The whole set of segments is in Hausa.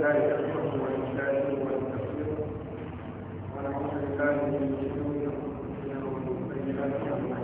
الله يحفظه ويجعله ويستغفره ونعوذ بالله من شرور انفسنا ومن سيئات اعمالنا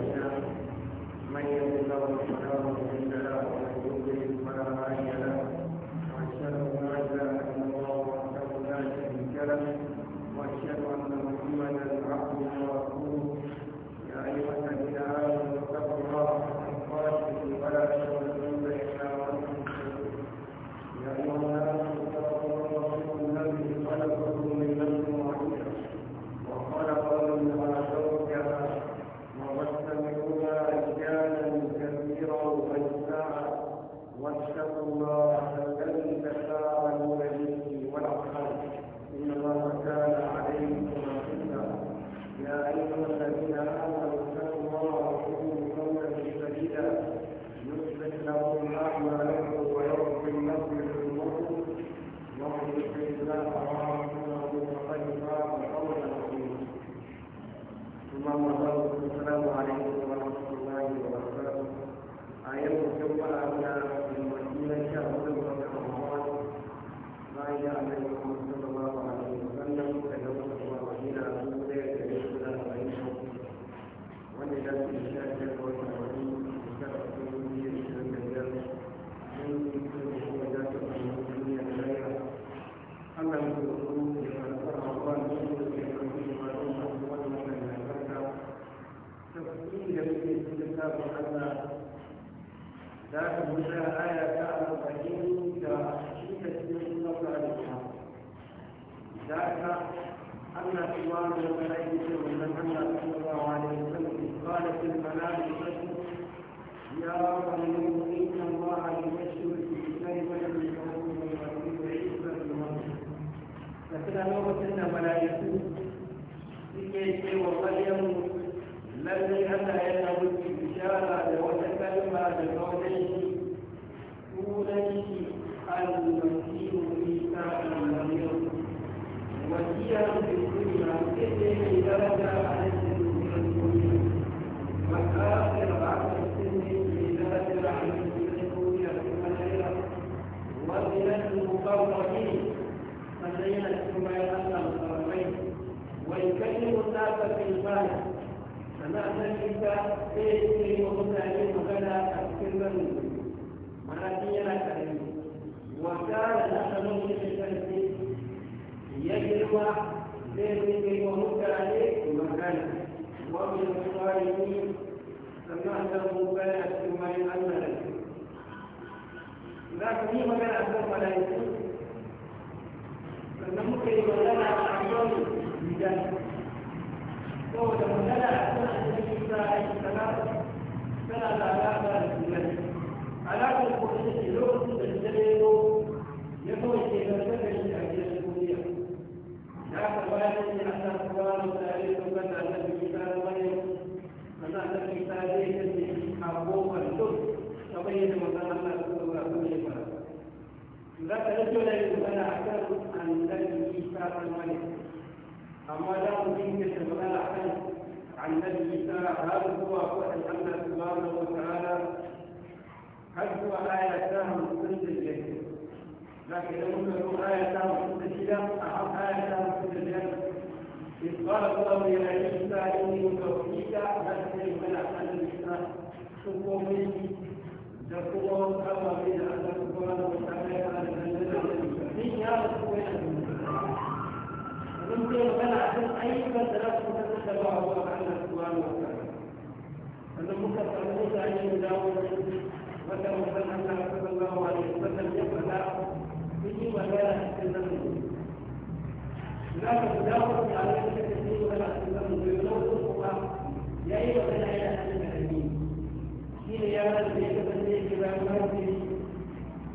الشيطان الرجيم من لين ثم يتألم القرنين ويكلم الناس في البال سمعت النساء باسمي ومسلم بلا أكثر منزل كريم وكان نحن من التنزيل يجرم باسمي ومسلم مكانه ومن الظالمين سمعته بلا ثم يتألم za ka yi magana a kan mala'iku sannan muka yi magana a kan bidan saboda magana a kan annabi isa alaihi salam tana da alaƙa da sunan alaƙar ko ita ce lokacin da ta lero ya kawai ke zartar da shi a gidan duniya da aka bayar da Allah subhanahu wa ta'ala ya tabbata annabi isa da Maryam sannan annabi isa zai ذاك رجلا يتبنى أحسن عن نبي عيسى الملك أما لا ممكن عن نبي عيسى هل هو فعل الله سبحانه وتعالى هل هو آية سهم سند الجنة لكن لم تكن آية سهم سند الجنة أحب آية سهم سند الجنة إذ قال الله يا عيسى إني متوفيك لا تكلمنا عن الإسلام تقوم به تقوم أمر إلى أن سبحانه وتعالى على الجنة المستقيم يا رسول الله ممكن أن أحسن أي فترة تتبع الله سبحانه وتعالى أن مكتب موسى أن يداوم وكما قال الله عليه وسلم يفعل به ولا يحسنه لا تداوم على الكثير ولا يحسنه يدور الفقراء يا أيها الذين آمنوا حين يرى الذين المسجد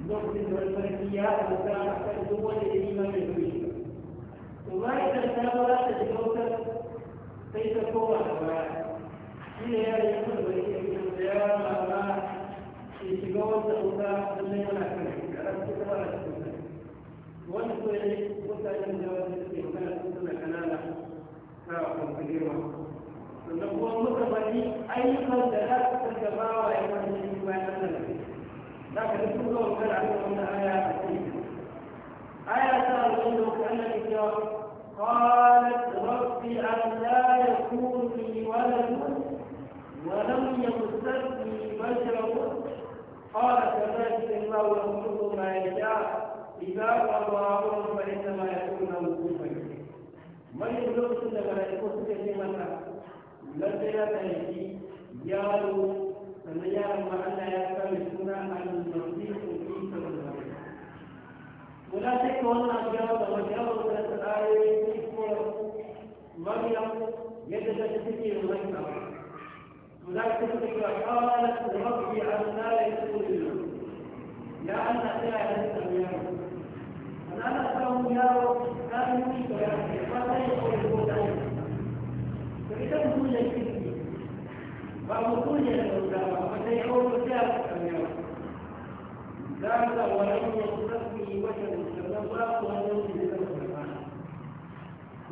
نقصد المسجديات وكان هو الإمام الكبير وما إذا تناولت الكوثر فيتكون أبواب إلى هذا يقول الإمام أبواب يتجوز أوساط اللي ولا كلمة عرفت ولا كلمة ونقول قلت أن جواز الاستهلاك كنا كنانا فاعل كثيرا نقول متفقين أيضا لا تتباوى يوم الإيمان أبدا لكن يقول الله تعالى عليهم ان آية آية تعلمك أن الإجابة قالت ربي أن لا يكون لي ولد ولم يمسسني بشر قال كذلك الله يخلق ما يشاء إذا قضى أمرا فإنما يكون له ما من يخلق سنة ملائكته كثيرا لدي يديه يالو sannan yaron ma Allah ya sa mai suna al-masihu isa da zama wala sai ka wannan abu ya zama ya wata da ayoyi ne ko maryam yadda ta take yin wannan وذلك تلك قالت ربي عنا يقول يا أن لا يستمع أنا أسأل يا رب لا يمكنك يا رب فلا يقول فإذا هو يكفي ba mu kuje da wuta ba ba sai kawo mu ta kanya za mu ga wannan ne sabbi wata da ba ku wannan ne da ba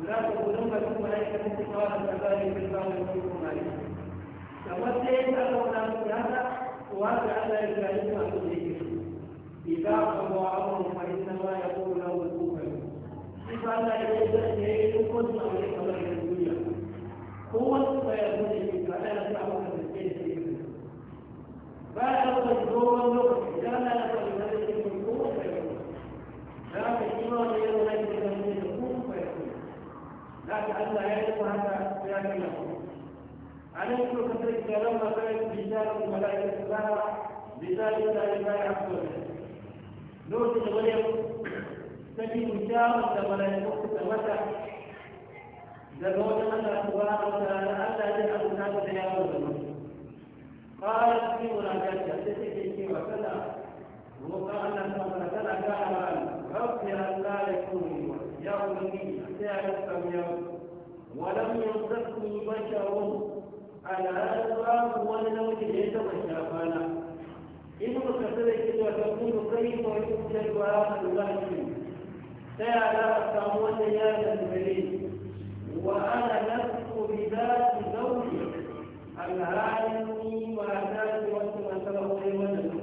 za ku gudun ba ku mai kan ku ba da zai ku ba da ku mai kamar sai ka ga wannan ya ta wa ga Allah ya yi ma ku ne إذا قضى أمر فإنما يقول له كفر. إذا لا يجوز أن يكون أمر daga wajen Allah subhanahu wa ta'ala Allah ya abu na da ya wuri a fi munajati sai take cewa kana roƙa Allah subhanahu wa ta'ala ga Allah rabbi Allah ya ya ولم يمسكني بشر على أسباب ولا وجه يتمشى فانا إن كثرت وتكون كيف يوجد وآخر الله سيعلى السامون يا ذا الجليل وأنا لست بذات زوجي العالمي وأتاني وقت ما سبق لي وجهه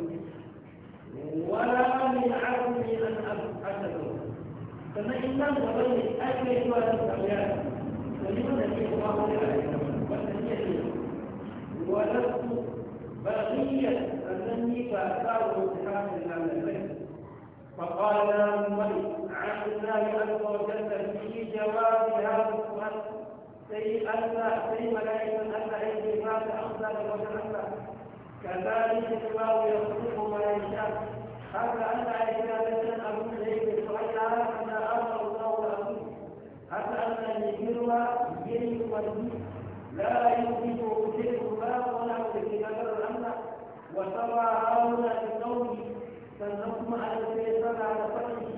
ولا من عزمي أن أبحثه فمن لم تبين أجل ولا تستعيان فلمن يجب الله عليه ولست بغيا أنني فأتاه امتحان هذا البيت فقال ملك عن الله عز وجل في جواب هذا السؤال سي ألا سي ملائكة ألا أيدي ماذا أخذل وتنفى كذلك الله يخلق ما يشاء هذا ألا إجابة أقول إليه وإلا أن أمر الله لكم حتى أن الجن جن والجن لا يمكن وجود ما ولا وجود الأمر وترى هؤلاء في قومه فلنقم على الشيطان على فرحه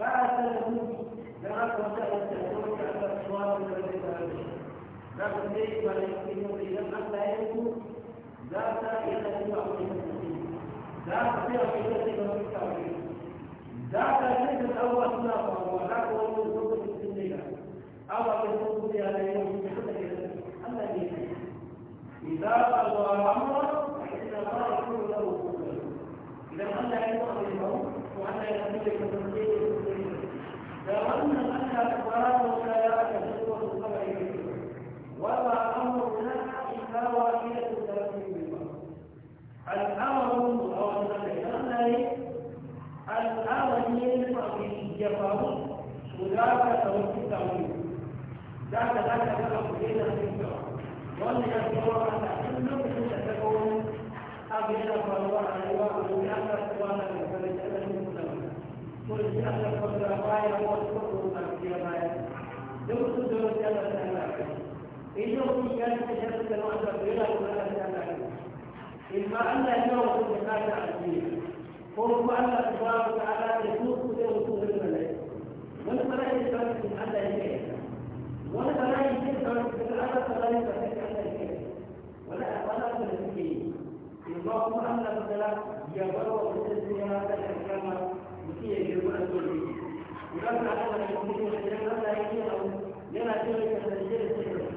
بعث له لقد وسأل تدعوك على الصواب الذي لكن ليس يمكن إذا حتى يكون ذات إلى تعظيم ذات إلى تعظيم ذات الشيء الأول نظر وذاك هو الوجود في الدنيا أو في الوجود على يوم الذي إذا قضى أمرا فإن الله يكون له إذا أن يكون له وأن يكون كأن أن أخباره لا تدور الخبر منه وما أمرنا إلا واحدة تكون منه الأمر أو المكان ان ينفع به يفعل وذاك توفي ان ذاك ذاك ذاك بين الفكرة ان يكون أن تكون أبينا فالله عليه وسلم وأن يكون إما أن يوم الجهاد عزيز قلت أن الله تعالى يسوق لوصول الملائكة والملائكة تركت من أن يكيد والملائكة تركت من أن تغير تركت أن يكيد ولا ولا ولا ولا ولا أخلاق المسلمين اللهم أن الخلاق يبرر بالتسليمات الحكامة وفي لما أنا المؤمن والإسلام لما يجيء لما تجد تسجيل السجن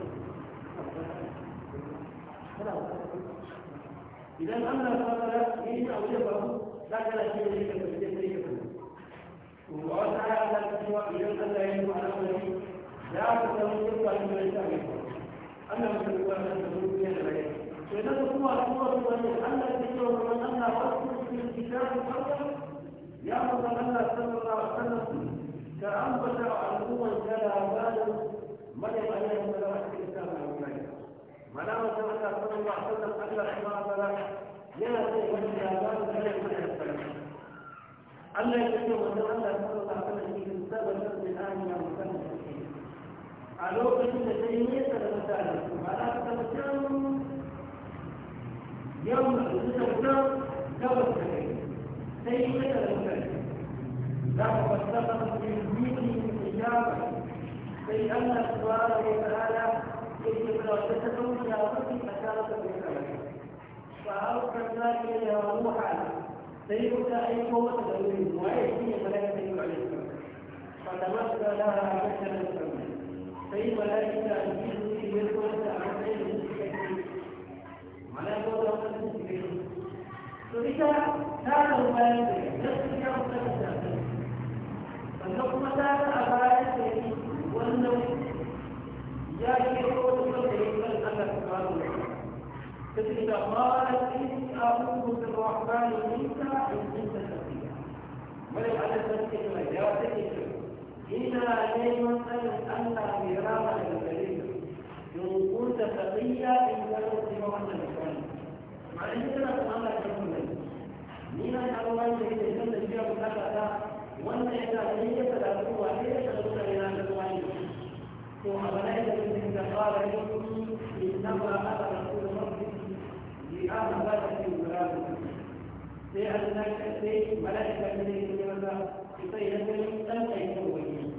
إذا أما الفضل يجي أو يبقى لا لا شيء لك تسجيل وقال تعالى على السواء إذا ألا يجب أن أمره لا تسلم يبقى من الإسلام أما من الإسلام أن تسلم بين الله فإذا تقوى الصورة والإسلام أن تسلم من أن رسول في الكتاب الأول يأمر أن صلى الله عليه وسلم ka ambata al'ummar ta labarin manyan ayyar da za su isa a wani mana ta wata sanar ba sanar allah shi ma bala yana zai wani labarin da ya kuma yasa Allah ya ce wata wata sanar ba sanar shi kan sabatar da aniya musamman a lokacin da ta yi nesa da mutane mana ta mutum yamma da ta mutum ta da kai sai yi nesa ta mutane لما فتقدم في الميني الإجابة في أن السؤال والسؤال يجب أن تتكون في أرض أشارة الإجابة فأرض كذلك يا روحا سيبك أي قوة تدريب وأي شيء أقبال منك إن كنت تقيا ولو أنا سنتك وجاوتك إلا ليل أن ميراما للكريم إن كنت تقيا إن كنت مهنا بكون مع أن كنا تقامل كمولا من الله يجب أن يكون فيها مكافأة وأن إذا هي تدعو وهي تدعو إلى أن تقامل ثم بنيت من قال إنما أنا رسول ربي لأهل بلد غلامك sai Allah ka sai mala'ika ne ne ke masa ki sai da kai dan kai ko wani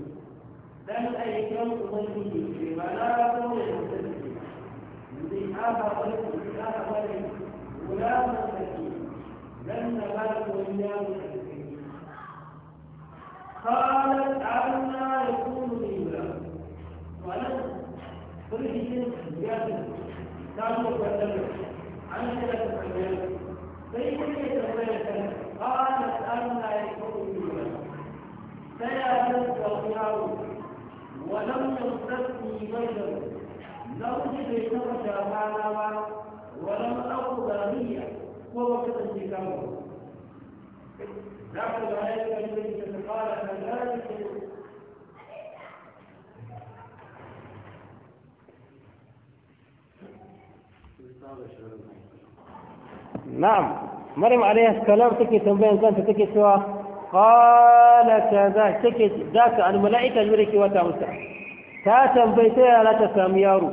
dan kai ko wani ne ba la ko ne da shi ne haba wani da wani wala ma saki dan da ba ko ya mu قالت عنا يكون لي ولد ولد قلت يا كانوا يتكلمون عن ثلاثة أيام فيقول لي تبين قالت أنا يكون فيا تستطيعه ولم يمسسني بشر لو جئت ترجع معنا ولم أقض هي ووقت انتكامه لكن الآية التي قال فذلك استاذ شرمه na'am maryam alaihi salam take tambayan kanta take cewa qala kaza take zaka al malaika yure ki wata musa ta tambaye ta yara ta samu yaro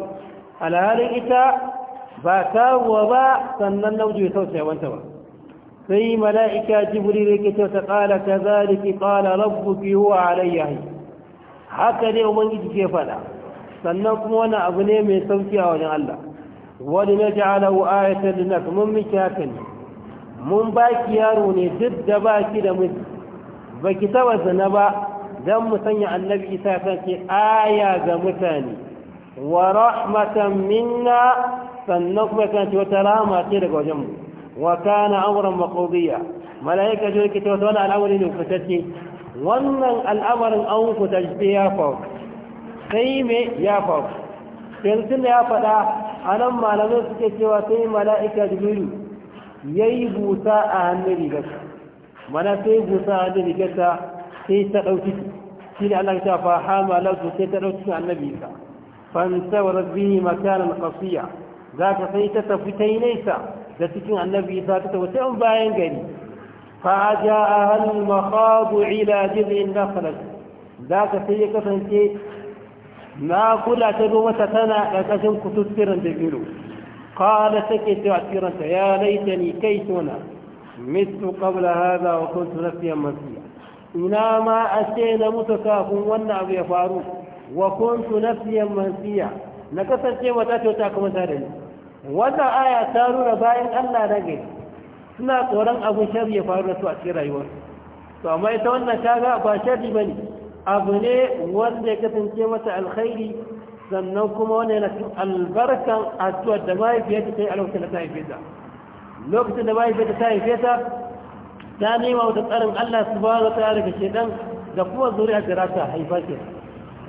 alhalin ita ba ta ruwa ba sannan nauji ya sauce wanta ba sai mala'ika jibril yake ce ta qala kazalika qala rabbuki huwa alayya haka ne ubangiji ke fada sannan kuma wani abu ne mai sauki a wajen Allah ولنجعله آية للناس mun miki haka ne mun baki yaro ne duk da baki da miji baki taba zina ba dan mu sanya annabi isa kanki aya ga mutane wa rahmatan minna sannan kuma kanki wata rahama ce daga wajen mu wa kana amran maqdiya malaika jo ta wannan al'amarin an ku ya fa ya ya a nan malamai suke cewa sai mala'ika jibiru ya yi busa a hannun rigarsa mana sai busa a hannun rigarsa sai ta ɗauki shi ne allah ta fa hama lautu sai ta ɗauki annabi isa fansawar bihi makanan kasiya za ka sai ta tafi ta yi nesa da cikin annabi isa ta tafi ta bayan gari a فجاءها المخاض إلى za ka ذاك سيكة kasance. na kula ta zo mata tana ƙarƙashin kututturan da biro kada ta ke cewa kiranta ya laita ni kai tona mitu kabla haza wa suna nafiyan masiya ina ma a ce na mutu kafin wannan abu ya faru wa kuntu nafiyan masiya na kasance ba ta kyauta kuma ta da ni wannan aya ta nuna bayan allah na gari suna tsoron abin shari ya faru da su a cikin rayuwar to amma ita wannan ta ba shari ba ne abu ne wanda ya kasance mata alkhairi sannan kuma wanda yana cikin albarkan addu'ar da mahaifiyarta ta yi a lokacin da ta haife ta lokacin da mahaifiyarta ta haife ta ta nema wata tsarin Allah subhanahu wa ta'ala daga shedan da kuma zuri'a da za ta haifa ke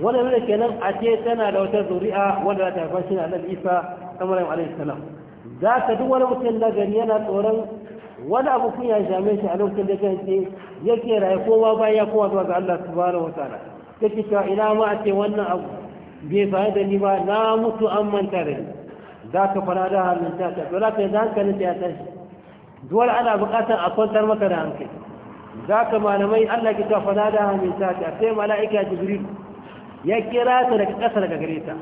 wanda nuna kenan a ce tana da wata zuri'a wanda za ta haifa shi ne Annabi Isa Ibrahim alaihi salam za ka duk wani mutum na gani yana tsoron wani abu kun ya same shi a lokacin da kance yake raye kowa bayan ya kowa zuwa ga Allah subhanahu wataala take ta ina ma a ce wannan abu bai faru da ni ba na mutu an manta da ni za ka fara da hannun ta ta dole ka yi hankalin ta ya tashi dole ana buƙatar a kwantar maka da hankali za ka malamai Allah ki ta fara da hannun ta ta sai mala'ika jibril ya kira ta daga ƙasa daga gare ta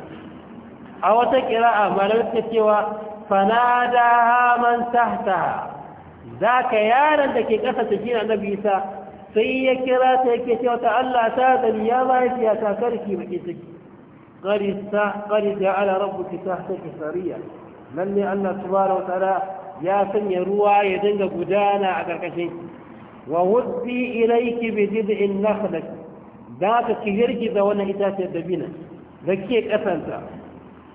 a wata kira'a malamai ta cewa fanada man tahtaha za ka yaron da ke ƙasa ta shi na bisa sai ya kira ta yake cewa ta Allah ta zani ya mahaifi ya kakarki baki ciki ƙari ya ala rabu ki ta ta kisariya lalle Allah subhanahu wa ta'ala ya sanya ruwa ya dinga gudana a ƙarƙashin wa wuddi ilayki bi jid'in nakhlak da ka ki girgiza wannan itaciyar dabina da ke ƙasanta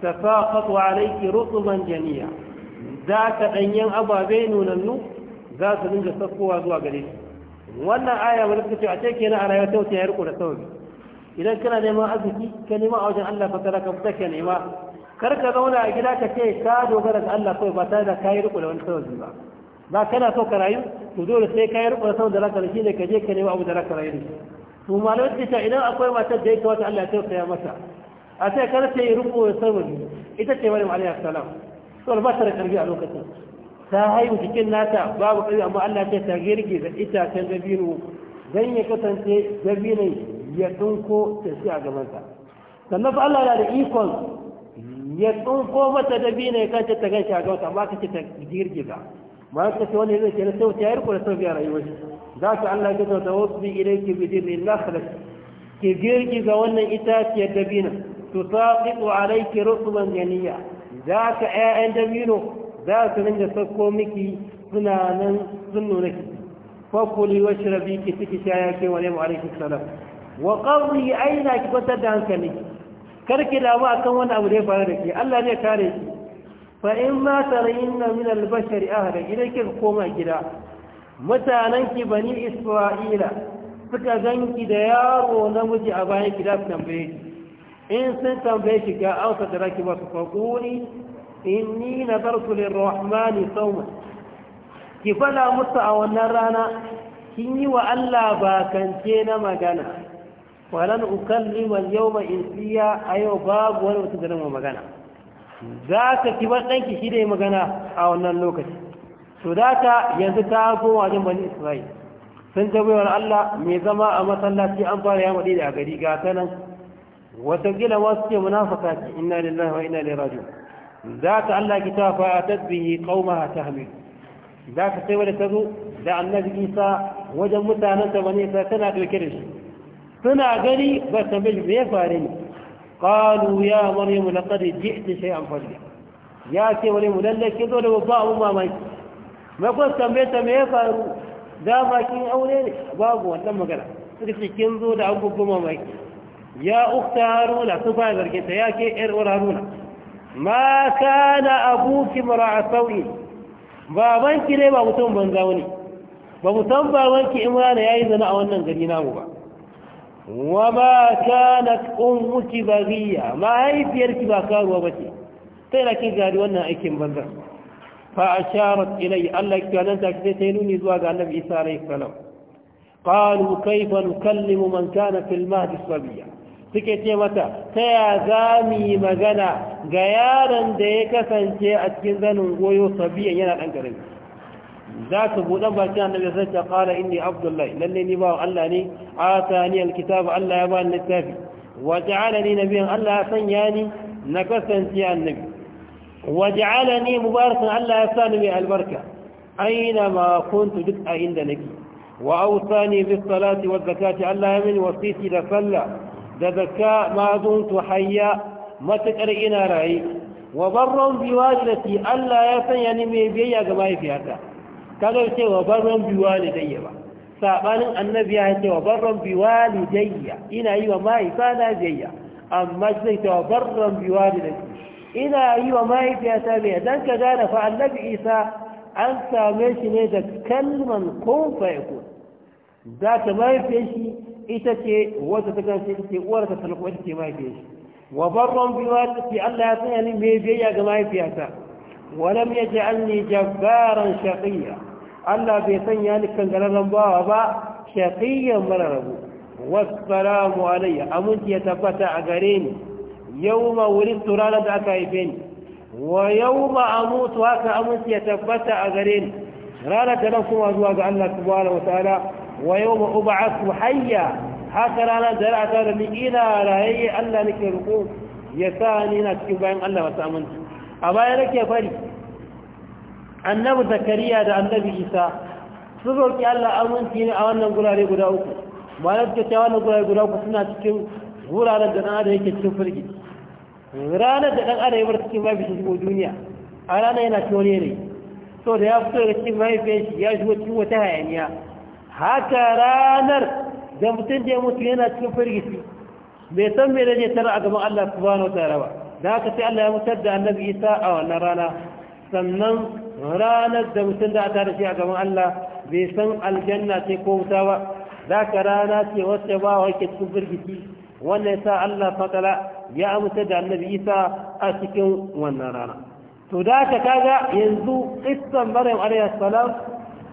tafaqatu alayki rutuban janiya da ka danyen ababe nunannu za su dinga sakkowa zuwa gare shi wannan aya wani suka ce a ce kenan a rayuwa wuce ya riko da sauri idan kana neman arziki ka nema a wajen Allah fasara ka fita ka nema kar ka zauna a gida ka ce ka dogara ga Allah kawai ba tare da ka yi riko da wani sauri ba ba kana so ka rayu to dole sai ka yi riko da sauri da raka shi ne ka je ka nema abu da raka rayu to malamai suka ce idan akwai matar da ya kawata Allah ya tausaya mata a sai kar ta yi riko da sauri ita ce maryam alaihi salam to ba ta da karbi a lokacin ta haihu cikin nata babu ƙari amma Allah ce ta girgiza itacen dabino zan ya kasance dabinon ya tunko ta shi a sa, sannan fa Allah ya da ikon ya tunko mata dabino ya kace ta gaishe a sa, amma ce ta ba ma ka ce wani zai ce na sau ta yarku da sau biya rayuwar shi za ka Allah ya gaza da wasu bi ilai ki bi dirin nakhla ki ga wannan itaciyar tu tusaqitu alayki rutban janiya za ka ƴaƴan dabino za su da sako miki suna nan sun nuna ki fakuli wa shirabi ki ciki shaya ke wa nemu alaihi salam wa qarri aina ki kwatar da hankali kar ki damu kan wani abu da ya faru da ke Allah ne kare ki fa in ma na min albashar bashar hada idan ki koma gida mutanen ki bani isra'ila suka ganki da yaro namiji a bayan gida su tambaye ki in sun tambaye ki ga an da raki ba su fakuli inni nazartu lirrahmani sawma ki fada musu a wannan rana kin yi wa Allah bakance na magana walan ukallima yawma insiya ayo babu wani mutum da magana za ka ki bar danki shi da magana a wannan lokaci to yanzu ta koma wajen bani Isra'il sun ta baiwar Allah mai zama a masallaci an fara ya da gari ga ta nan wata gila wasu ce munafaka ce inna lillahi wa inna ilaihi raji'un za ta Allah ki ta fa tadbihi qaumaha tahmil za ka sai wadda ta zo da annabi isa wajen mutanen ta bane ta tana dauke da shi suna gani ba ta bi me ya fare ni qalu ya maryam laqad ji'ti shay'an fadla ya ce wani mu lalle ki zo da babba abu mamaki mai kuma tambaye ta me ya faru da ma kin aure ne babu wannan magana suka ce kin zo da abubuwan mamaki ya ukta haruna su fara zargin ta ya ke yar uwar haruna ma kana abuki mar'a sau'i babanki ne ba mutum banza wani ba mutum babanki imrana yayi zana a wannan gari namu ba wa ma kanat ummuki baghiya mahaifiyarki ba karuwa ce. sai na kin gari wannan aikin banza fa asharat ilai Allah ki wannan ta ki sai nuni zuwa ga Annabi Isa alayhi salam qalu kayfa nukallimu man kana fil mahdi sabiya suke ce mata ta ya za mu yi magana ga yaron da ya kasance a cikin zanin goyo sabiyan yana ɗan ƙarami za su buɗe bakin annabi sai ta fara inni abdullahi lalle ni ba Allah ne atani alkitabu Allah ya ba ni littafi wa ja'alani nabiyyan Allah ya sanya ni na kasance annabi wa ja'alani mubarakan Allah ya sani mai albarka aina ma kuntu duk a inda nake wa awsani bis salati waz zakati Allah ya mini wasiti da sallah da zakka ma zuntu hayya matakar ina raye wa barran bi walidati Allah ya sanya ni mai biyayya ga mahaifiyata kaga ce wa barran bi walidayya ba sabanin annabi ya ce wa barran bi walidayya ina yi wa na biyayya amma sai ta wa barran bi ina yi wa mahaifiyata biyayya dan ka gane fa annabi Isa an same shi ne da kalman kun fa yakun za ta mahaifiyar shi ita ce wata ta gansu ita ce uwar ta talko ita ce mahaifiyar shi wa barron biwa ta ce Allah ya sanya ni mai biyayya ga mahaifiyata wa lam yaj'alni jabbaran shaqiyya Allah bai sanya ni kangararren bawa ba shaqiyyan mara rabu wassalamu alayya aminci ya tabbata a gare ni yawma wulidtu ranar da aka haife ni wa yawma amutu haka aminci ya tabbata a gare ni ranar da nan kuma zuwa ga Allah subhanahu wa ta'ala wa yau ma uba aku hayya haka rana da ra'a ta da ni ina rayayye Allah nake roƙo ya sa ni na cikin bayan Allah masu aminci a baya nake fari annabi zakariya da annabi isa su roƙi Allah aminci ne a wannan gurare guda uku malar ta ce wannan gurare guda uku suna cikin guraren da ɗan adam yake cikin firgi ranar da ɗan adam ya bar cikin mafi shigo duniya a ranar yana ciwo ne ne so da ya fito daga cikin mahaifiyar shi ya shigo cikin wata hayaniya haka ranar da mutum ya mutu yana cikin firgici bai san mai rage tara a gaban Allah bano ta'ala ba da haka sai Allah ya mutar da annabi Isa a wannan rana sannan ranar da mutum da aka rashi a gaban Allah bai san aljanna sai ko wuta ba da haka rana ce wacce ba wa ke cikin firgici wannan yasa Allah fatala ya mutar da annabi Isa a cikin wannan rana to da haka kaga yanzu qissan Maryam alayhi salam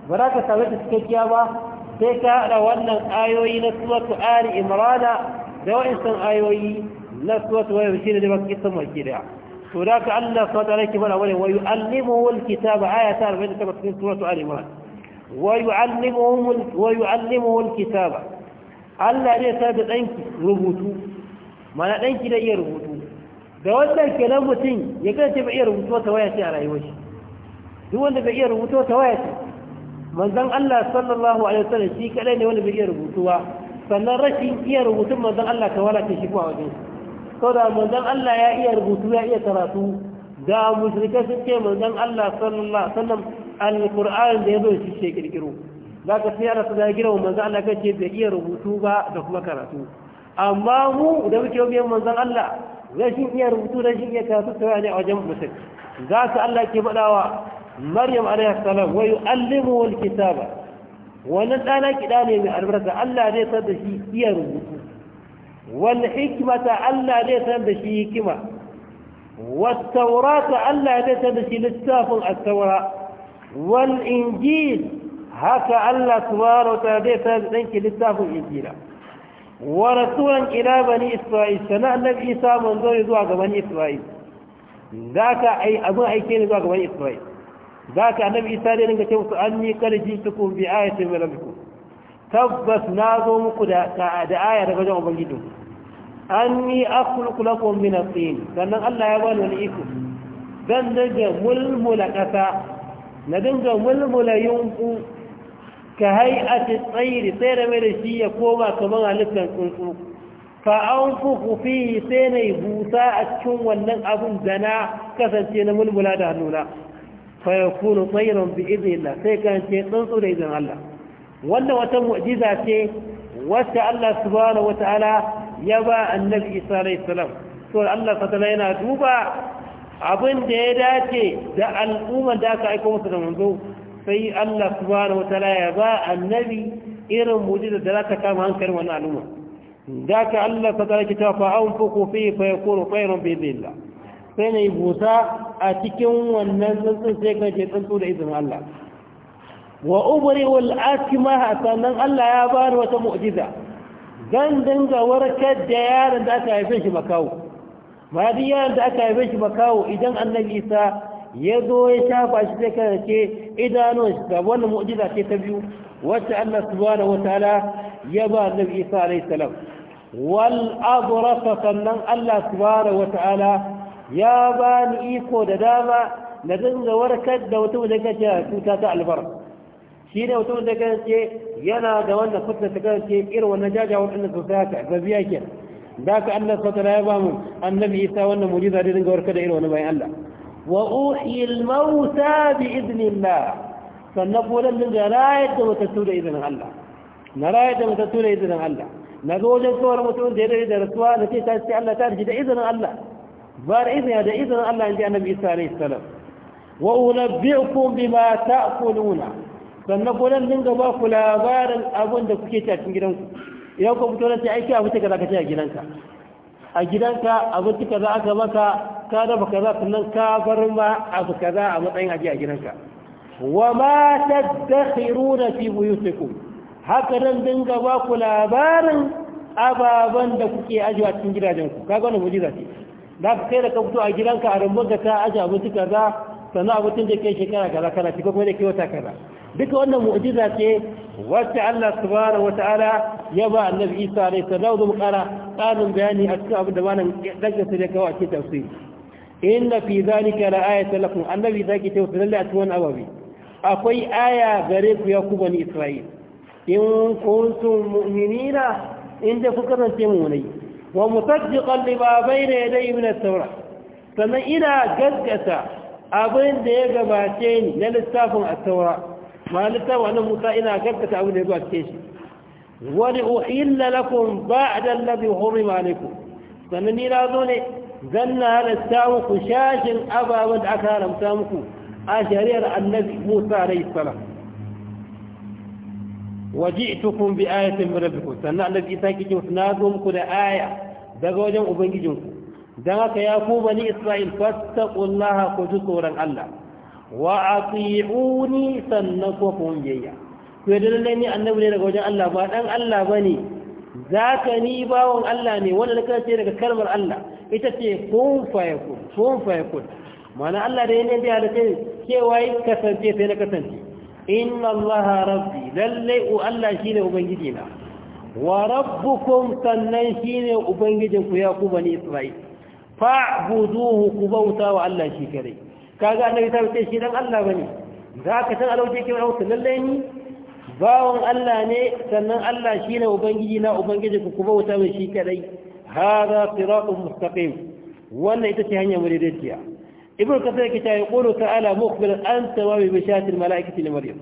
ba za ka same ta cikakkiya ba sai ka haɗa wannan ayoyi na suwatu ali imrana da wa'insan ayoyi na suwatu wani bishiri da ne baki sun maki da to da ka allah suwa ta rake mana wani wayu allimuhu ba aya ta arba'in da takwas cikin suwatu ali imran wayu allimuhu ba. allah ne sa da ɗanki rubutu mana ɗanki da iya rubutu da wannan kenan mutum ya kasance bai iya rubutu ta waya ce a rayuwar shi duk wanda bai iya rubutu ta waya ce Manzan Allah sallallahu alaihi wasallam shi kadai ne wani bai iya rubutu ba sannan rashin iya rubutun manzan Allah ta wala shi shigo a wajen da manzan Allah ya iya rubutu ya iya karatu da mushrike sun ce manzan Allah sallallahu alaihi wasallam alqur'an da ya yazo shi ce kirkiro zaka sai Allah ta gira wa manzon Allah ce bai iya rubutu ba da kuma karatu amma mu da muke biyan manzan Allah rashin iya rubutu rashin iya karatu ta ne wajen musulmi za su Allah ke faɗawa maryam alaihi salam wa yu'allimuhu kitaba wannan dana kida ne mai albarka Allah zai san da shi iya rubutu wal hikmata Allah zai san da shi hikima wat tawrata Allah zai san da shi littafin at-taura wal injil haka Allah subhanahu wa ta'ala zai san da shi littafin injila ورسولا إلى بني إسرائيل سنة النبي zuwa منظر يزوى Isra'il إسرائيل ذاك أي أبو أي zuwa يزوى بني Isra'il. za ka annabi isa ne dinga ce musu an yi karji bi ayatin mai tabbas na zo muku da aya daga wajen ubangiji an yi akulku lakum min atsin sannan Allah ya bani wani iko zan dinga mulmula kasa na dinga mulmula yunku ka hay'ati tsayri sai da mai da shi ya koma kamar halittar tsuntsu fa an fi fihi sai na yi busa a cikin wannan abun da na kasance na mulmula da hannuna fa yakunu tayran bi idhnillah sai kan ce tsuntsu da idan Allah wannan wata mu'jiza ce wacce Allah subhanahu wata'ala ya ba annabi Isa alayhi salam to Allah fatala yana duba abin da ya dace da al'umma da aka aika musu da manzo sai Allah subhanahu wata'ala ya ba annabi irin mu'jiza da zaka kama hankalin wannan al'umma ذاك الله فتلك فأنفقوا فيه فيكون طير بإذن الله sai na yi busa a cikin wannan tsuntsun sai ka ce tsuntsu da izinin Allah wa ubri wal akima sannan Allah ya bani wata mu'jiza zan dinga warkar da yaron da aka haife shi makawo ma yaron da aka haife shi makawo idan annabi isa ya zo ya shafa shi sai ka ce idanun shi ga wannan mu'jiza ce ta biyu wacce Allah subhanahu wataala ya ba annabi isa alayhi salam wal abrasa sannan Allah subhanahu wataala ya ba ni iko da dama na dinga warkar da mutum da kace cuta ta albar shi ne mutum da kace yana da wannan fitna ta kace irin wannan jaja wannan sosai ta azabiya ke da ka Allah ta ya ba mu annabi Isa wannan mu'jiza da dinga warkar da irin wannan bayan Allah wa uhi al-mauta bi idnillah sannan ko dan dinga rayar da mutum da izinin Allah na rayar da mutum da izinin Allah na ga wajen kowar mutum da ya da rasuwa na ce ta ce Allah ta riji da izinin Allah ba da izini da izinin Allah in ji annabi Isa alaihi salam wa unabbi'ukum bima ta'kuluna sannan ko nan dinga ba ku labarin abin da kuke ci a cikin gidanku idan ku fito nan sai aiki abin kaza ka ci a gidanka a gidanka abin kaza aka maka ka dafa kaza sannan ka bar ma abu kaza a matsayin aji a gidanka wa ma tadakhiruna fi buyutikum haka nan dinga ba ku labarin ababen da kuke ajiwa cikin gidajenku kaga wannan mujiza ce za ka kai da ka fito a gidanka a rumbun ka ta aji abinci kaza sannan abincin da ke shekara kaza kana cika kuma da ke wata kaza duka wannan mu'jiza ce wacce Allah wata wata'ala ya ba annabi Isa alaihi salam da mukara tsarin bayani a cikin abin da malam daga su da kawo a cikin tafsiri inna fi zalika la lakum annabi zaki ta wata lalle a cikin ababi akwai aya gare ku ya ku bani Isra'il in kuntum mu'minina inda ku kasance mu'minai wa musaddiqan lima bayna yadayhi min at-taura sannan ina gaskata abin da ya gabace ni na littafin at-taura ma littafin annabi Musa ina gaskata abin da ya gabace shi wa li uhilla lakum ba'da alladhi hurima alaykum sannan ni na zo ne zan na ababen da aka haramta muku a shari'ar annabi Musa alayhi waji'tukum bi ayatin min rabbikum sannan annabi Isa yake cewa na muku da aya daga wajen ku dan haka ya ku bani Isra'il fastaqullaha ku ji Allah wa ati'uni sannan ku kun yayya ku da lalle ni annabi ne daga wajen Allah ba dan Allah bane zaka ni bawon Allah ne wanda na kace daga kalmar Allah ita ce kun fa yakun kun fa yakun Allah da yanayin da ya halatta kasance sai na kasance inna allaha rabbi lalle u Allah shine ubangiji na wa rabbukum sannan shine ubangijin ku ya ku bani isra'il fa'buduhu ku bauta wa Allah shi kare kaga annabi ta ce shi dan Allah bane zaka san alauce ki bauta lalle ni bawon Allah ne sannan Allah shine ubangiji na ubangiji ku ku bauta mai shi kare hada siratun mustaqim wannan ita ce hanya daidaitiya. ibn kasar yake ta yaqulu ta'ala mukhbiran an tawabi bishatil malaikati na maryam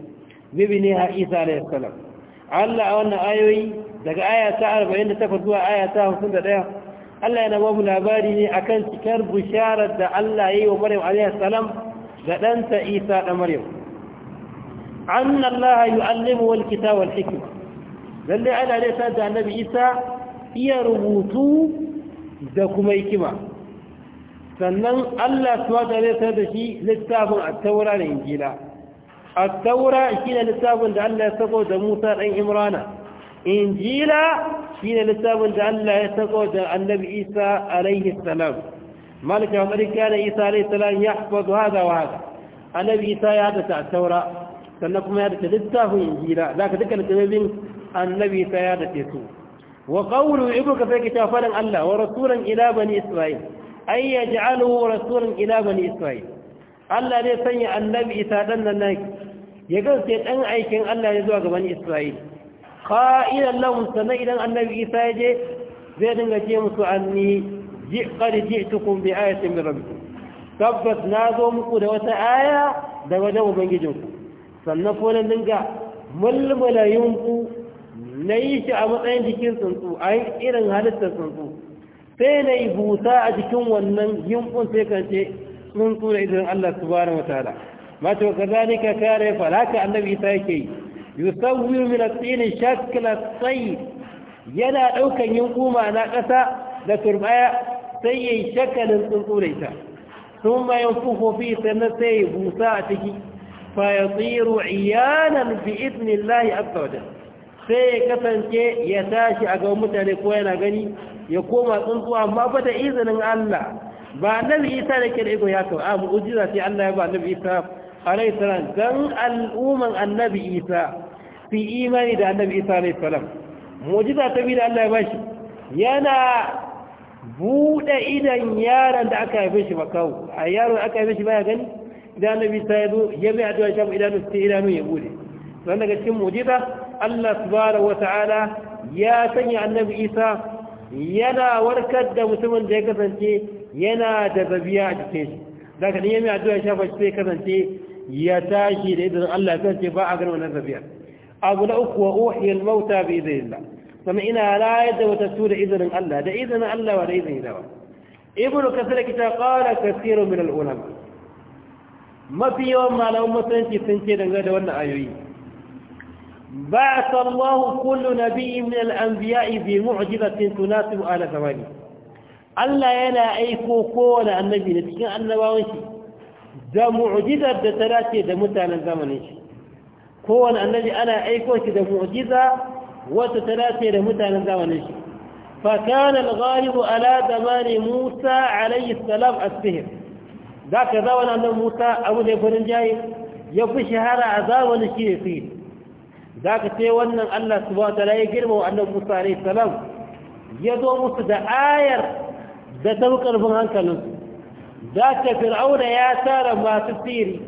bibi ne bibniha isa alayhi salam Allah a wannan ayoyi daga aya ta 48 zuwa aya ta ɗaya. Allah yana babu labari ne akan cikar bisharar da Allah ya yi wa Maryam alayhi salam ga ɗanta Isa da Maryam anna Allah yu'allimu al-kitaba wal hikma lallai Allah ne sa da annabi Isa iya rubutu da kuma hikima sannan Allah suwata zai sanar da shi littafin attaura da injila attaura shi ne littafin da Allah ya sako da Musa ɗan Imrana injila shi ne littafin da Allah ya sako da annabi Isa alaihi salam malika wa malika da Isa alaihi salam ya hafazu haza wa hada annabi Isa ya haddasa attaura sannan kuma ya haddasa littafin injila za ka duka littafin annabi Isa ya haddasa su wa qawlu ibnu kafai kita fadan Allah wa rasulan ila bani Isra'il an yi ji aluhu rasulun ila bani isra'il allah zai sanya annabi isa ɗan nan naki ya gansa ɗan aikin allah ya zuwa ga bani isra'il ƙa'ilan lahun sannan idan annabi isa ya je zai dinga ce musu ni anni ji tukun bi ayatin min rabu tabbas na zo muku da wata aya da wajen ubangijinku sannan ko na dinga mulmula yunku na yi shi a matsayin jikin tsuntsu a irin halittar tsuntsu sai na yi busa a cikin wannan yimfin sai kan ce sun tsura izinin Allah subhanahu wa ma to kazalika kare fa annabi ta yake yi yusawwiru min at-tin shakla at-tayr yana daukan yinquma na kasa da turbaya sai yayi shakalin tsuntsura ita sun yanfuhu fi sannan sai busa a ciki fa yatiru iyanan bi idnillahi azza wa sai ya kasance ya tashi a ga mutane ko yana gani ya koma tsuntsu amma fa da izinin Allah ba nabi isa da ke da iko ya kawo a mu'ujiza sai Allah ya ba nabi isa alaihi salam dan al'umman annabi isa fi imani da annabi isa alaihi salam mu'ujiza ta bi da Allah ya bashi yana buɗe idan yaron da aka haife shi makawo a yaron da aka haife shi baya gani idan annabi isa ya zo ya mai addu'a shafa idanu sai idanu ya bude don daga cikin mu'ujiza Allah subhanahu wata'ala ya sanya annabi isa yana warkar da mutumin da ya kasance yana da zabiya a cikin shi za ka nemi addu'a ya shafa sai kasance ya tashi da idan Allah ya kasance ba a gani wannan zabiya abu na uku wa uhiyar mauta bi idhnillah kuma ina rayar da wata su da izinin Allah da izinin Allah ba da izinin da ba ibnu da kita qala kaseerun min al mafi yawan malaman musulunci sun ce dangane da wannan ayoyi بعث الله كل نبي من الأنبياء بمعجزة تناسب آل زمانه Allah yana aiko kowane annabi da cikin annabawan shi da da ta dace da mutanen zamanin shi kowane annabi ana aiko shi da mu'jiza wata ta dace da mutanen zamanin shi fa kana ala zamani Musa alayhi salam as-sihr zaka zawana annabi Musa abu farin jayi ya fi shahara a zamanin shi za ka ce wannan Allah subhanahu wataala ya girma wa annabi Musa alayhi salam ya zo musu da ayar da ta karfin hankalin za ka fir'auna ya tara masu siri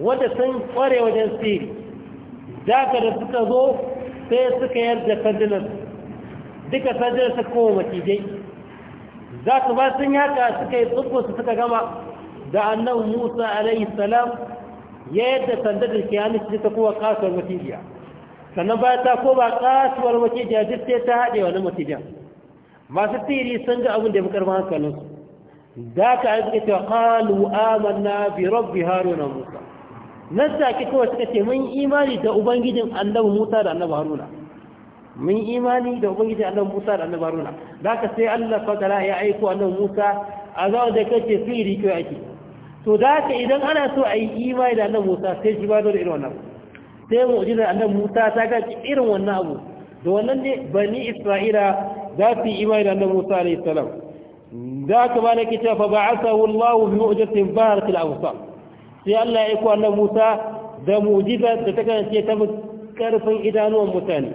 wanda sun kware wajen siri za ka da suka zo sai suka yarda sandunan duka sandunan su koma matijai za ka ba sun yaka suka yi su suka gama da annabi Musa alayhi salam ya yadda sandunan ke hannun shi ta kowa kasuwar matijiya sannan bayan ta ko ba kasuwar macijiya duk sai ta haɗe wani macijiyan masu tiri sun ga abin da ya fi karfin hankalinsu da ka yi suka ce kalu amanna bi rabbi haruna musa nan ke kawai suka ce mun imani da ubangijin annabi musa da annabi haruna mun imani da ubangijin annabi musa da annabi haruna da ka sai allah fagala ya aiko annabi musa a zama da ce sirri kyau ake to da ka idan ana so a yi imani da annabi musa sai shi ba da irin wannan sai mu'jizar annabi Musa ta ga irin wannan abu da wannan ne bani Isra'ila za su yi imani da annabi Musa alayhi salam da ka ba na kita fa ba'athahu Allah bi mu'jizatin baharat al-awsam sai Allah ya aiko annabi Musa da mu'jizar da ta kasance ta karfin idanuwan mutane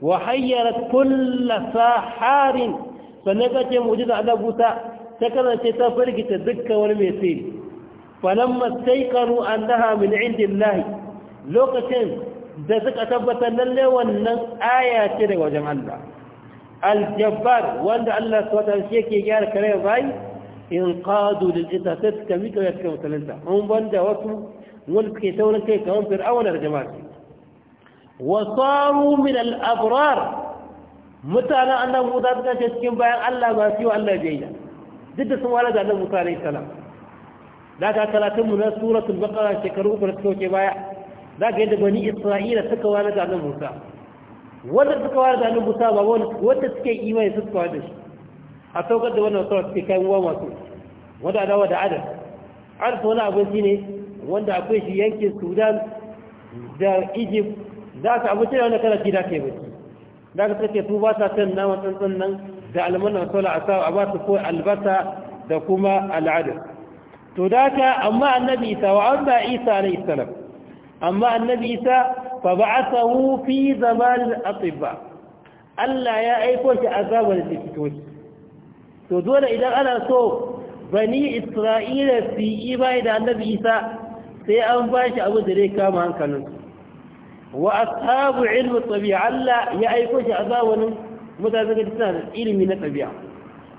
wa hayyarat kulla saharin sannan ka ce mu'jiza annabi Musa ta kasance ta firgita dukkan wani mai sirri falamma sayqanu annaha min indillahi lokacin da suka tabbatar lalle wannan aya ce daga wajen Allah aljabbar wanda Allah subhanahu shi yake gyara kare bai in qadu lil itasat kami ka yake mutalanta mun banda wasu wanda ke taurin kai kamar fir'auna da jama'a wa saru min al abrar mutanen annabi Musa suka ce cikin bayan Allah ba su yi Allah biyayya duk da sun wala da annabi Musa alaihi salam da ka kalatin mu na suratul baqara shekaru uku da suka baya za ka yadda bani isra'ila suka wani da annabi musa wanda suka wani da annabi musa ba wanda suke imani suka wani da shi a saukar da wannan sauran suke kai uwa masu wanda adawa da adam arz wani abinci ne wanda akwai shi yankin sudan da egypt za ka abinci da wani kana gida ke baki za ka suke su ba sa can nama tsantsan nan da almanar sola a sawa a ba su ko albasa da kuma al'adar to da ka amma annabi isa wa an ba isa alaihi salam amma annabi isa fa ba'athahu fi zaman al-atibba Allah ya aiko shi a da likitoci to dole idan ana so bani isra'ila su yi imani da annabi isa sai an ba shi abu da zai kama hankalin wa ashabu ilmi tabi'a Allah ya aiko shi a zamanin mutane ga da ilimi na tabi'a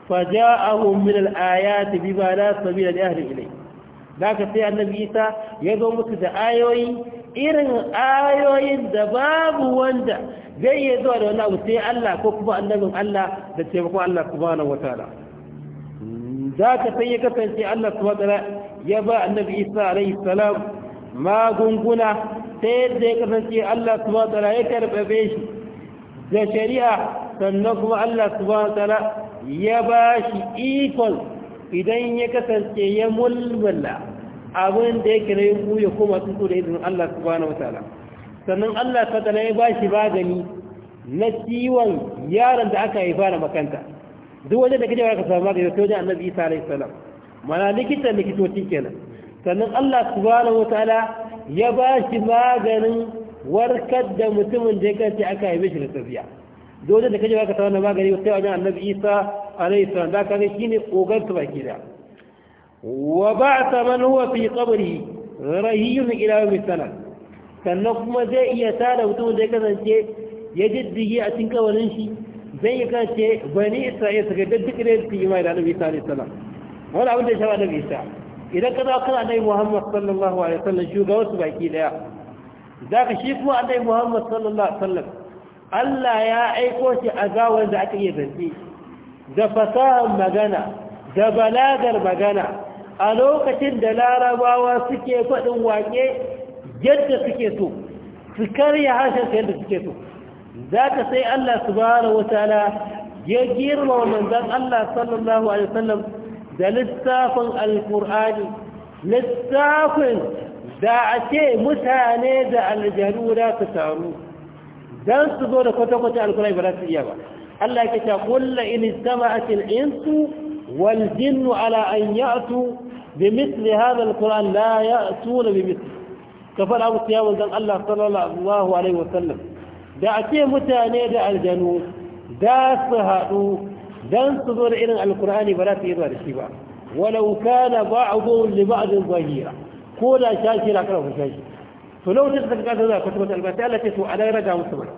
fa ja'ahum min al-ayati bima la sabila li ahli ilayhi da aka sai annabi isa ya zo musu da ayoyi irin ayoyin da babu wanda zai iya zuwa da wani abu sai Allah ko kuma annabin Allah da taimakon Allah subhanahu wataala za ka sai ya kasance Allah subhanahu ya ba annabi isa alaihi salam magunguna ta yadda ya kasance Allah subhanahu ya karɓe shi da shari'a sannan kuma Allah subhanahu ya ba shi ikon idan ya kasance ya mulmula abin da ya kira yin ya koma tsuntsu da izinin Allah subhanahu wataala sannan Allah ta'ala ya bashi magani na ciwon yaron da aka haifa na makanta duk wajen da kaje ka samu magani ta wajen Annabi Isa alaihi salam mana likitan likitocin kenan sannan Allah subhanahu wataala ya ba shi maganin warkar da mutumin da ya kasance aka haife shi da tafiya dole da kaje baka ta wannan magani sai wajen annabi isa alayhi salam da kaje shine kogar ta baki da wa ba'ta man huwa fi qabri rahiyun ila yawm sana sannan kuma zai iya tada mutum da ya kasance ya jiddige a cikin kawarin shi zai ya kace bani isra'ila suka daddike da su imani da annabi isa alayhi salam wani abin da ya shafa annabi isa idan ka zaka kana annabi muhammad sallallahu alaihi wasallam shugaba su baki daya zaka shi kuma annabi muhammad sallallahu alaihi wasallam Allah ya aiko shi a gawar da aka iya zance da fasahar magana da balagar magana a lokacin da larabawa suke faɗin waƙe yadda suke so su karya harshen yadda suke so za ka sai Allah subhanahu wa ta'ala ya girma wa Allah sallallahu alaihi wasallam da littafin alkur'ani littafin da a ce mutane da aljanu za su taru dan su zo da kwata-kwata alkurani ba za su iya ba Allah yake cewa kullu in istama'at al-insu wal jinnu ala an ya'tu bi mithli hadha al-quran la ya'tuna bi mithli kafar abu tiyawan dan Allah sallallahu alaihi wasallam da ake mutane da aljanu da su haɗu dan su zo da irin alkurani ba za su iya zuwa da shi ba walau kana ba'dhu li ba'dhin zahira ko da shashi na karfa shashi to lokacin da suka kasa zuwa kwata-kwata albashi Allah ce to a dai raga musu mana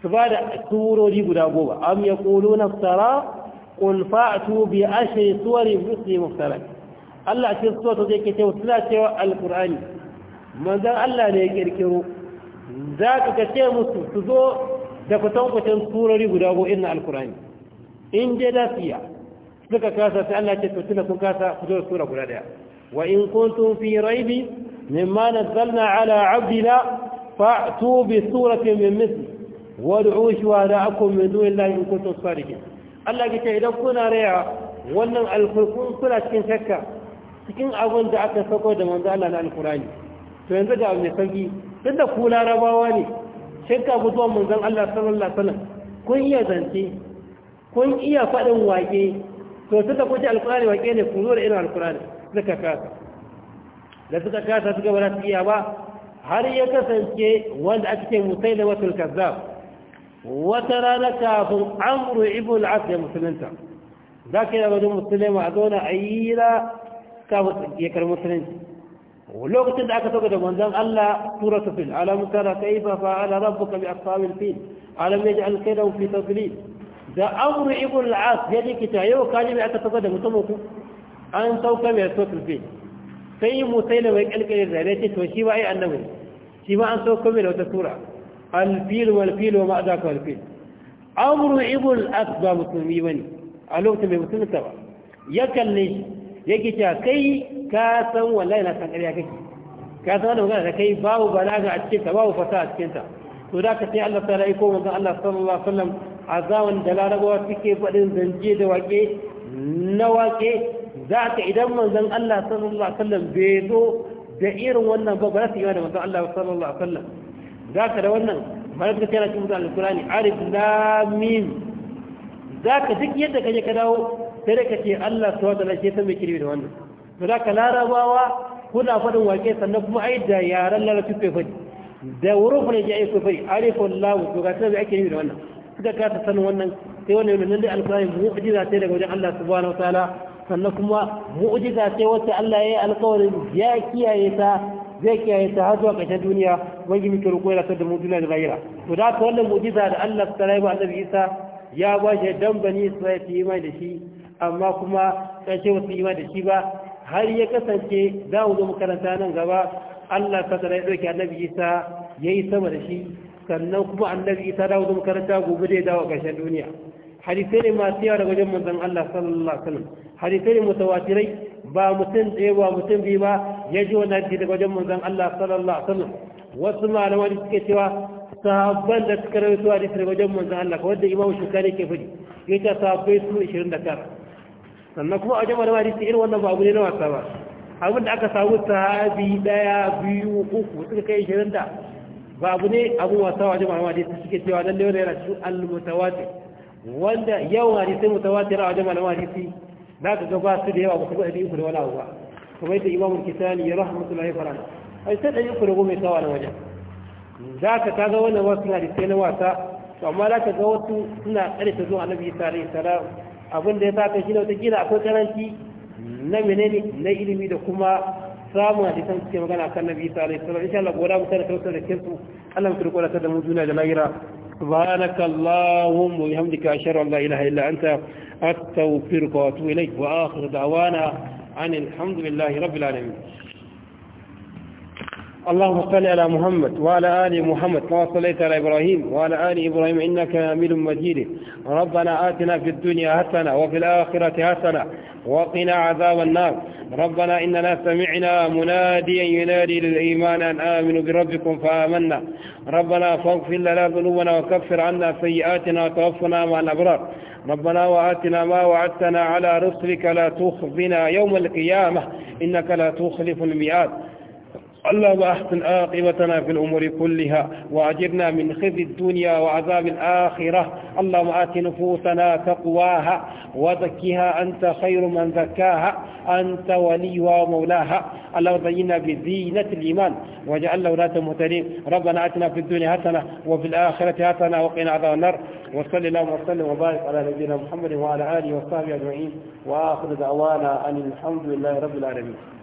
su ba da turori guda goma am ya kulu na tsara ƙulfa'atu bi ashe suwari musu yi muftarar Allah ce su wato zai ke cewa suna cewa alƙur'ani manzan Allah ne ya ƙirƙiro za ka ka ce musu su zo da kwatankwacin turori guda goma inna alƙur'ani in je da siya suka kasa sai Allah ce to tuna kun kasa ku zo da sura guda daya wa in kuntum fi raibi مما نزلنا على عبدنا فأتوا بسورة من مثل وادعوا شهداءكم من دون الله إن كنتم صادقين Allah ke ce idan kuna raya wannan alkurkun kuna cikin shakka cikin abin da aka sako da manzo Allah na alkurani to yanzu ga mai sauki duk da ku larabawa ne shakka mutuwa manzon Allah sallallahu alaihi wasallam kun iya zance kun iya faɗin waƙe to tunda kuke alkurani waƙe ne ku zo da irin alkurani suka kasa da suka kasa suka ba su iya ba har ya kasance wanda ake ce musai da wasu kazzab wata rana kafin amru ibn al-as ya musulunta za ka yi wajen musulma a zauna a yi ra kafin ya kar musulunci lokacin da aka sauka da manzon Allah suratul fil yi tara kayfa rabu ka bi ashabil fil alam yaj'al kaydahum fi tadlil da amru ibn al-as ya likita yau kaji aka sauka da mutum ku an sauka mai suratul fil sai musailama ya kalkare ya ce to shi ba yi annabi shi ba an so kome da wata sura alfil walfil wa ma'aza ka walfil fil amru ibul ba musulmi ne. a lokacin mai musulunta ba ya kalle shi yake cewa kai ka san wallahi na san ƙarya kake ka san wani magana da kai babu balaga a cikin ta babu fasaha a cikin ta to da ka sai Allah ta ra'ayi ko manzon Allah sallallahu alaihi wasallam zaman da larabawa suke faɗin zance da waƙe na waƙe da ka idan manzon Allah sallallahu alaihi wasallam bai zo da irin wannan ba ba za su yi da manzon Allah sallallahu alaihi wasallam za ka da wannan malaka tana cikin mutum alkurani arif lamim za ka duk yadda ka je ka dawo sai da ce Allah subhanahu wa ta'ala ke san mai kirbi da wannan to za ka larabawa kuna faɗin wake sannan kuma ai da yaran larabci kai fadi da wurin ne ji ai kai fadi arif lahu to ga sai ake yi da wannan suka kasa sanin wannan sai wannan ne lalle alkurani mu'jiza ce daga wajen Allah subhanahu wa ta'ala sannan kuma mu'jiza sai wacce Allah ya yi alƙawarin ya kiyaye ta zai kiyaye ta har zuwa ƙarshen duniya wani muke roƙo ya da mu duniya da lahira to da haka wannan mu'jiza da Allah ta rayu annabi Isa ya ba shi dan bani Isra'ila yi mai da shi amma kuma ƙarshe wasu yi da shi ba har ya kasance za mu zo makaranta nan gaba Allah ta rayu ɗauki annabi Isa ya yi sama da shi sannan kuma annabi Isa da zo makaranta gobe da ya dawo ƙarshen duniya hadisai ne masu yawa daga wajen manzon Allah sallallahu alaihi wasallam hadisai ne mutawatirai ba mutum ɗaya ba mutum biyu ba ya ji wannan hadisi daga wajen manzon Allah sallallahu alaihi wasallam wasu malaman suke cewa sahabban da suka rawaito hadisi daga wajen manzon Allah kawai da Imam Shukani ke fadi yace sahabbai su 29 sannan kuma a jama'a hadisi irin wannan ba abu ne na wasa ba abin da aka samu sahabi daya biyu uku suka kai 20 ba abu ne abu wasa wa jama'a hadisi suke cewa lalle wannan yana cikin al-mutawatir wanda yawan hadisi mutawatir a jama'a hadisi za ka gaba su da yawa ba su ga ɗari uku da wani abu ba kuma yadda imamun kisani ya rahama su lahi farana ai sai ɗari uku da goma ya sawa na wajen za ka ta ga wannan wasu suna da sai na wasa to amma za ka ga wasu suna ƙarfe zuwa na biyu alaihi salam abin da ya sa kai shi wata gina akwai karanci na menene na ilimi da kuma samun hadisan suke magana kan na biyu isa alaihi salam insha Allah gobe mu tare da kansu Allah mu kirkira ta da mu duniya da lahira سبحانك اللهم وبحمدك أشهد أن لا إله إلا أنت أستغفرك وأتوب إليك وآخر دعوانا عن الحمد لله رب العالمين اللهم صل على محمد وعلى آل محمد كما صليت على إبراهيم وعلى آل إبراهيم إنك حميد مجيد ربنا آتنا في الدنيا حسنة وفي الآخرة حسنة وقنا عذاب النار ربنا إننا سمعنا مناديا ينادي للإيمان أن آمنوا بربكم فآمنا ربنا فاغفر لنا ذنوبنا وكفر عنا سيئاتنا وتوفنا مع الأبرار ربنا وآتنا ما وعدتنا على رسلك لا تخزنا يوم القيامة إنك لا تخلف الميعاد اللهم أحسن عاقبتنا في الأمور كلها وأجرنا من خزي الدنيا وعذاب الآخرة اللهم آت نفوسنا تقواها وزكها أنت خير من زكاها أنت وليها ومولاها اللهم زينا بزينة الإيمان واجعلنا ولاة مهتدين ربنا آتنا في الدنيا حسنة وفي الآخرة حسنة وقنا عذاب النار وصلى اللهم وسلم وبارك على نبينا محمد وعلى آله وصحبه أجمعين وآخر دعوانا أن الحمد لله رب العالمين